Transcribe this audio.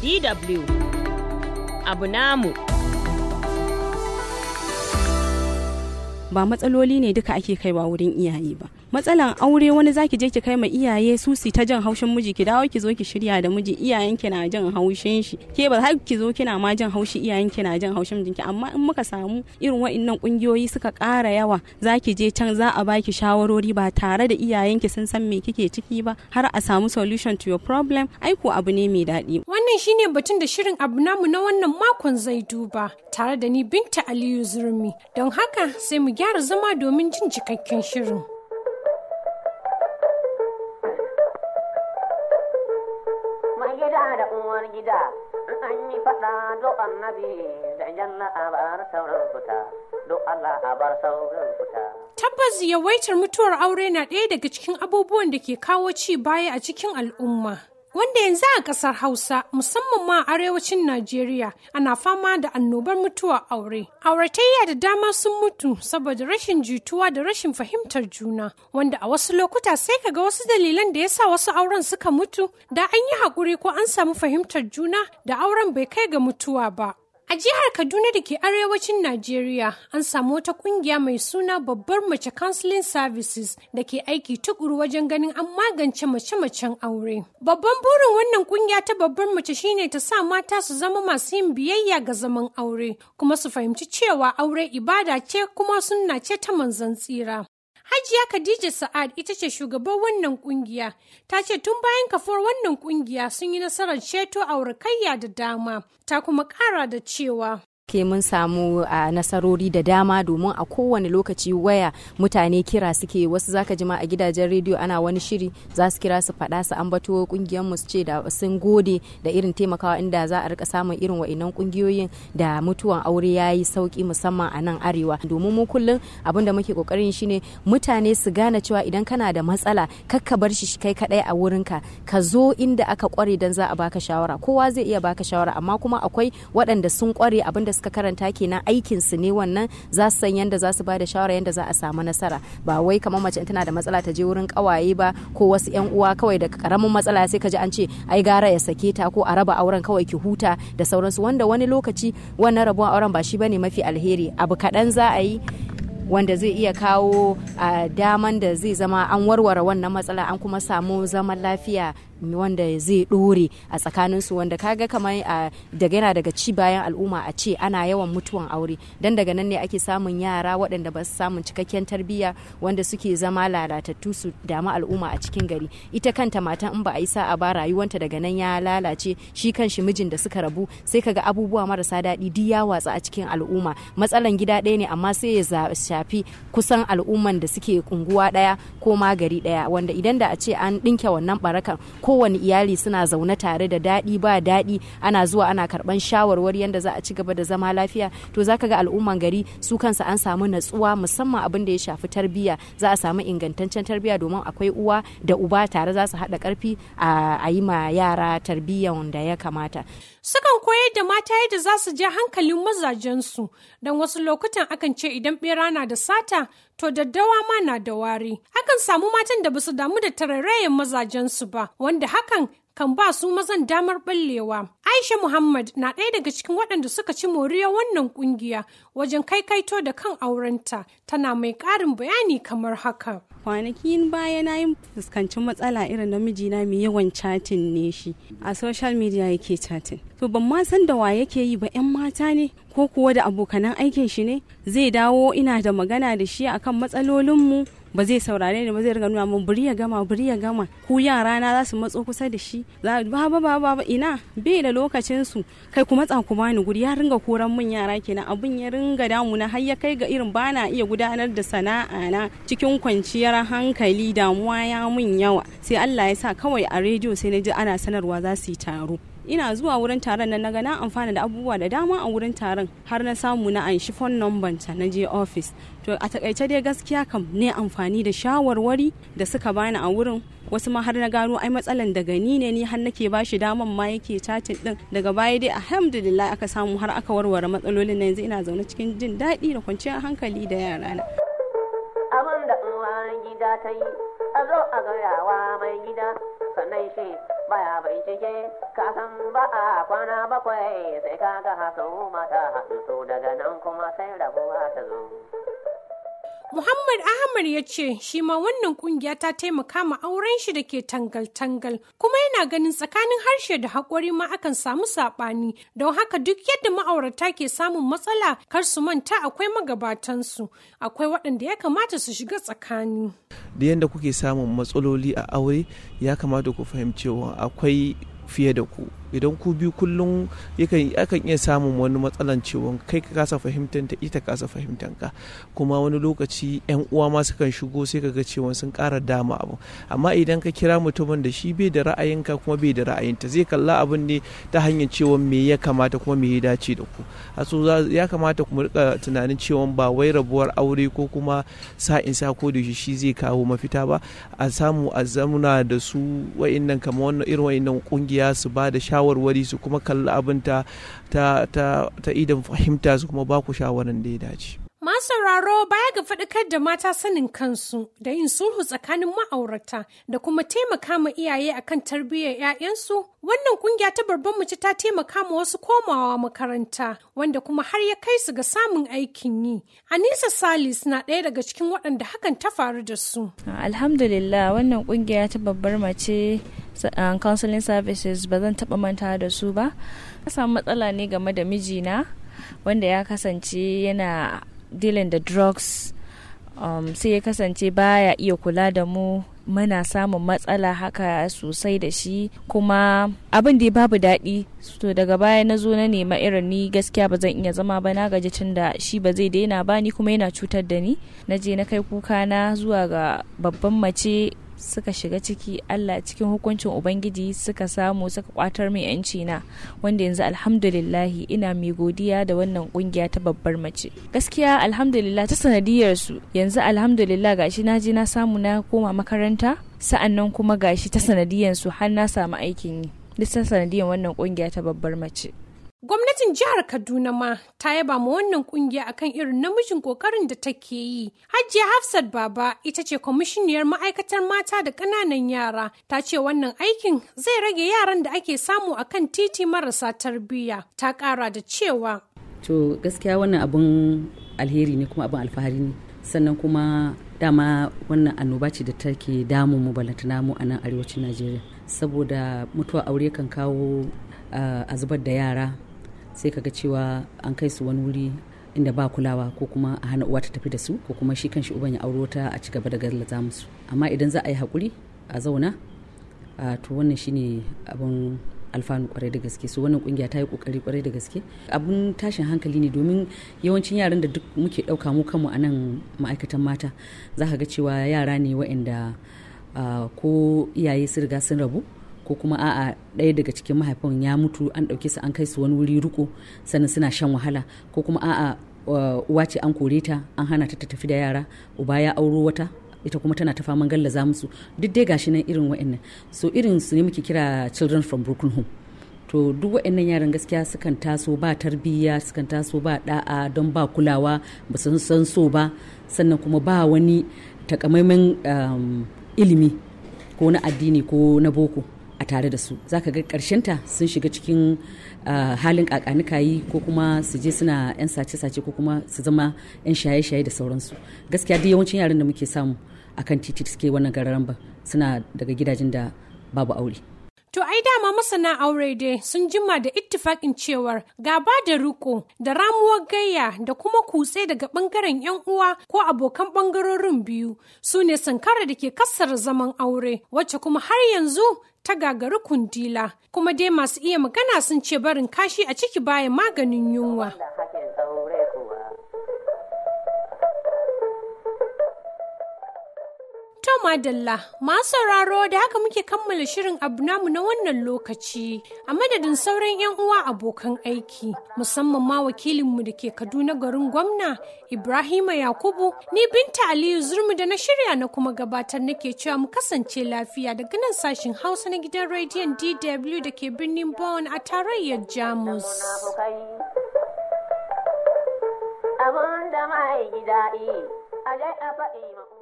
DW abu namu. Ba matsaloli ne duka ake kaiwa wurin iyaye ba. matsalan aure wani zaki je ki kai ma iyaye su si ta jan haushin miji ki dawo ki zo ki shirya da miji iyayen ki na jan haushin shi ke ba har ki zo kina ma jan haushi iyayen ki na jan haushin miji amma in muka samu irin wa'annan kungiyoyi suka ƙara yawa zaki je can za a baki shawarori ba tare da iyayen ki sun san me kike ciki ba har a samu solution to your problem ai ko abu ne mai daɗi wannan shine batun da shirin abu namu na wannan makon zai duba tare da ni binta Aliyu Zurmi don haka sai mu gyara zama domin jin cikakken shirin da janna tabbas yawaitar mutuwar aure na ɗaya daga cikin abubuwan da ke kawo ci baya a cikin al'umma wanda yanzu a ƙasar Hausa musamman ma a arewacin Najeriya ana fama da annobar mutuwa aure. Auratayya da dama sun mutu saboda rashin jituwa da rashin fahimtar juna wanda a wasu lokuta sai kaga wasu dalilan da yasa wasu auren suka mutu da an yi haƙuri ko an samu fahimtar juna da auren bai kai ga mutuwa ba. A jihar Kaduna da ke arewacin Najeriya an samu wata kungiya mai suna babbar mace counseling services da ke aiki tukuru wajen ganin an magance mace-macen aure. Babban burin wannan kungiya ta babbar mace shine ta sa mata su zama masu yin biyayya ga zaman aure kuma su fahimci cewa aure ibada ce kuma sunna ce ta manzon tsira. Hajiya Khadija Sa'ad ita ce shugaban wannan kungiya. Ta ce tun bayan kafuwar wannan kungiya sun yi nasarar ceto aurakayya da dama. Ta kuma kara da cewa ke mun samu a nasarori da dama domin a kowane lokaci waya mutane kira suke wasu zaka jima a gidajen rediyo ana wani shiri za su kira su faɗa su ambato kungiyar mu su ce da sun gode da irin taimakawa inda za a rika samun irin wa'inan kungiyoyin da mutuwan aure yayi sauki musamman a nan arewa domin mu kullum abin da muke kokarin shine mutane su gane cewa idan kana da matsala kakka bar shi kai kadai a wurin ka ka zo inda aka kware dan za a baka shawara kowa zai iya baka shawara amma kuma akwai waɗanda sun kware abinda suka karanta kenan aikin su ne wannan za su san yanda za su ba da shawara yanda za a samu nasara ba wai kamar mace tana da matsala ta je wurin kawaye ba ko wasu yan uwa kawai da karamin matsala sai ka ji an ce ai gara ya sake ta ko a raba auren kawai ki huta da sauransu wanda wani lokaci wannan rabuwar auren ba shi bane mafi alheri abu kaɗan za a yi wanda zai iya kawo daman da zai zama an warware wannan matsala an kuma samu zaman lafiya wanda zai dore a tsakanin su wanda kaga kamar a daga yana daga ci bayan al'umma a ce ana yawan mutuwan aure dan daga nan ne ake samun yara waɗanda ba su samun cikakken tarbiyya wanda suke zama lalatattu su dama al'umma a cikin gari ita kanta matan in ba a yi sa'a ba rayuwanta daga nan ya lalace shi kan shi mijin da suka rabu sai kaga abubuwa marasa daɗi duk ya watsa a cikin al'umma matsalan gida ɗaya ne amma sai ya shafi kusan al'umman da suke kunguwa ɗaya ko ma gari ɗaya wanda idan da a ce an ɗinke wannan barakan kowane iyali suna zaune tare da daɗi ba daɗi ana zuwa ana karɓan shawarwari yadda za a ci gaba da zama lafiya to zaka ga al'umman gari su kansa an samu natsuwa musamman abin da ya shafi tarbiyya za a samu ingantaccen tarbiyya domin akwai uwa da uba tare za su haɗa ƙarfi a yi ma yara tarbiyyan da ya kamata. Sukan koyar da mata yadda za su je hankalin mazajensu don wasu lokutan akan ce idan bera na da sata to daddawa ma na da wari. Akan samu matan da basu damu da mazajen mazajensu ba, wanda hakan kan ba su mazan damar ɓallewa. Aisha Muhammad na ɗaya daga cikin waɗanda suka ci moriya wannan ƙungiya wajen kaikaito da kan aurenta tana mai ƙarin bayani kamar haka. Kwanakin baya na yi fuskanci matsala irin namiji na mai yawan chatin ne shi a social media yake chatin. To ban ma san da wa yake yi ba 'yan mata ne ko kuwa da abokanan aikin shi ne zai dawo ina da magana da shi akan mu. ba zai saurare ni ba zai riga nuna mun buri ya gama buri gama ku yara na za su matso kusa da shi za ba ba ba ba ina bai da lokacin su kai ku matsa ku bani guri ya ringa koran mun yara kenan abun ya ringa damuna har ya kai ga irin bana iya gudanar da sana'a na cikin kwanciyar hankali damuwa ya mun yawa sai Allah ya sa kawai a rediyo sai na ji ana sanarwa za su yi taro ina zuwa wurin taron nan naga na amfana da abubuwa da dama a wurin taron har na samu na anshi phone number ta na je office to a takaice dai gaskiya kam ne amfani da shawarwari da suka bani a wurin wasu ma har na gano ai matsalan daga ni ne ni har nake bashi daman ma yake chatin din daga baya dai alhamdulillah aka samu har aka warware matsalolin na yanzu ina zaune cikin jin daɗi da kwanciyar hankali da yarana abin da uwa gida ta yi a zo a gayawa mai gida sannan shi baya bincike ka san ba a kwana bakwai sai ka ga hasu mata haɗu to daga nan kuma sai rabuwa ta zo Muhammad Ahmad ya ce shi ma wannan kungiya ta taimaka ma auren shi da ke tangal-tangal kuma yana ganin tsakanin harshe da haƙori ma akan samu saɓani don haka duk yadda ma'aurata ke samun matsala kar su manta akwai magabatansu akwai waɗanda ya kamata su shiga tsakani. Da yadda kuke samun matsaloli a aure ya kamata ku fahimci fahimcewa akwai fiye da ku idan ku biyu kullum yakan akan iya samun wani matsalan cewa kai ka kasa fahimtar ta ita kasa fahimtar ka kuma wani lokaci yan uwa ma kan shigo sai kaga cewa sun kara dama abu amma idan ka kira mutumin da shi bai da ra'ayinka kuma bai da ra'ayinta zai kalla abin ne ta hanyar cewa me ya kamata kuma me ya dace da ku so ya kamata ku rika tunanin cewa ba wai rabuwar aure ko kuma sa sa ko da shi zai kawo mafita ba a samu a zamuna da su wa'annan kamar wannan irin wa'annan kungiya su ba da shawarwari su kuma kalli abin ta ta idan fahimta su kuma baku shawaran da ya dace sauraro baya ga faɗakar da mata sanin kansu da yin sulhu tsakanin ma'aurata da kuma taimaka ma iyaye akan tarbiyyar 'ya'yansu wannan kungiya ta babban mace ta taimaka ma wasu komawa makaranta wanda kuma har ya kai su ga samun aikin yi anisa salis na ɗaya daga cikin waɗanda hakan ta faru da su alhamdulillah wannan kungiya ta babbar mace Uh, counseling services ba zan taba manta da su ba na samu matsala ne game da mijina wanda ya kasance yana dealing da drugs um, sai ya kasance baya iya kula da mu muna samun matsala haka sosai da shi kuma abin da babu daɗi to daga baya na zo na nema irin ni gaskiya ba zan iya zama ba na gaji tun da shi ba zai daina ba ni kuma yana cutar da ni na je na kai kuka na zuwa ga babban mace suka shiga ciki Allah cikin hukuncin Ubangiji suka samu suka kwatar min yanci na wanda yanzu alhamdulillahi ina mai godiya da wannan kungiya ta babbar mace gaskiya alhamdulillah ta sanadiyar su yanzu alhamdulillah gashi na je na samu na koma makaranta sa'annan kuma gashi ta sanadiyar su har na samu aikin yi duk sanadiyar wannan kungiya ta babbar mace Gwamnatin jihar Kaduna ma ta yaba ma wannan kungiya akan irin namijin kokarin da take yi. Hajiya Hafsat Baba ita ce kwamishiniyar ma'aikatar mata da ƙananan yara ta ce wannan aikin zai rage yaran da ake samu akan titi marasa tarbiyya. Ta ƙara da cewa. To gaskiya wannan abun alheri ne kuma abun alfahari ne. Sannan kuma dama wannan annoba ce da take damun mu balantana mu a nan arewacin Najeriya. Saboda mutuwa aure kan kawo ah, a zubar da yara sai kaga cewa an kai su wani wuri inda ba kulawa ko kuma a hana uwa ta tafi da su ko kuma shi kan shi uban ya auro ta a cigaba gaba da gallaza musu amma idan za a yi hakuri a zauna a to wannan shine abin alfanu kwarai da gaske su wannan kungiya ta yi kokari kwarai da gaske abun tashin hankali ne domin yawancin yaran da duk muke dauka mu kanmu a nan ma'aikatan mata za ka ga cewa yara ne waɗanda ko iyaye su riga sun rabu ko kuma a'a ɗaya daga cikin mahaifin ya mutu an ɗauke su an kai su wani wuri ruko sannan suna shan wahala ko kuma a'a uwa ce an kore ta an hana ta tafi da yara uba ya auro wata ita kuma tana ta faman gallaza musu duk dai gashi nan irin wa'annan so irin su ne muke kira children from broken home to duk wa'annan yaran gaskiya sukan taso ba tarbiyya sukan taso ba da'a don ba kulawa ba sun san so ba sannan kuma ba wani takamaiman um, ilimi ko na addini ko na boko a tare da su zaka ga ta sun shiga cikin halin kakanikayi ko kuma su je suna yan sace-sace ko kuma su zama yan shaye-shaye da sauransu gaskiya duk yawancin yaran da muke samu akan titi suke wannan gararan suna daga gidajen da babu aure To ai dama masana aure dai sun jima da ittifakin cewar gaba da riko da ramuwar gayya da kuma kutse daga bangaren yan uwa ko abokan bangarorin biyu su ne sankara da ke kassara zaman aure wacce kuma har yanzu ta gagari kundila kuma dai masu iya magana sun ce barin kashi a ciki bayan maganin yunwa. dallah masu sauraro da haka muke kammala shirin abu namu na wannan lokaci a madadin sauran 'yan uwa abokan aiki musamman ma wakilinmu da ke kaduna garin gwamna ibrahima yakubu ni binta aliyu zurmi da na shirya na kuma gabatar nake cewa mu kasance lafiya daga nan sashen hausa na gidan rediyon dw da ke birnin bonn a tarayyar jamus a faɗi